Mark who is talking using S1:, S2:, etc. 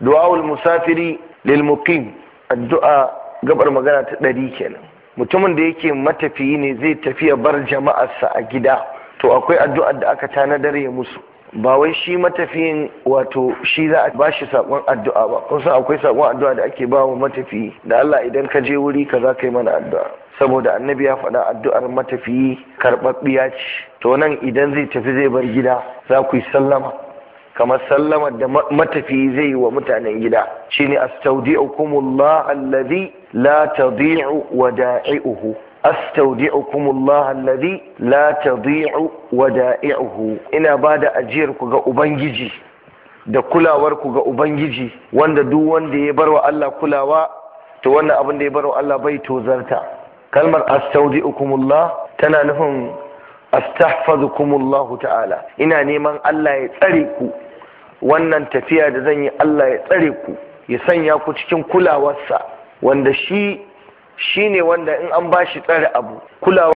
S1: du'aul musafiri lil muqim addu'a gabar magana ta ɗari kenan mutumin da yake matafiyi ne zai tafiya bar jama'arsa a gida to akwai addu'ar da aka tanadar ya musu ba wai shi matafiyin wato shi za a ba shi sakon addu'a ba kun akwai sakon addu'a da ake bawa matafiyi da Allah idan ka je wuri ka za ka yi mana addu'a saboda annabi ya faɗa addu'ar matafiyi karɓaɓɓiya ce to nan idan zai tafi zai bar gida za ku yi sallama kamar sallamar da matafi zai wa mutanen gida shine astaudi'ukumullah alladhi la tadi'u wada'i'uhu astaudi'ukum Allah alladhi la tadhi'u wada'i'uhu ina bada ajiyar ku ga ubangiji da kulawar ku ga ubangiji wanda duk wanda ya barwa Allah kulawa to wannan abin da ya barwa Allah bai tozarta kalmar astaudi'ukumullah tana nufin astahfazukumullahu ta'ala ina neman Allah ya tsare ku wannan tafiya da zan yi Allah ya tsare ku ya sanya ku cikin kulawarsa wanda shi shine wanda in an bashi tsare abu kulawa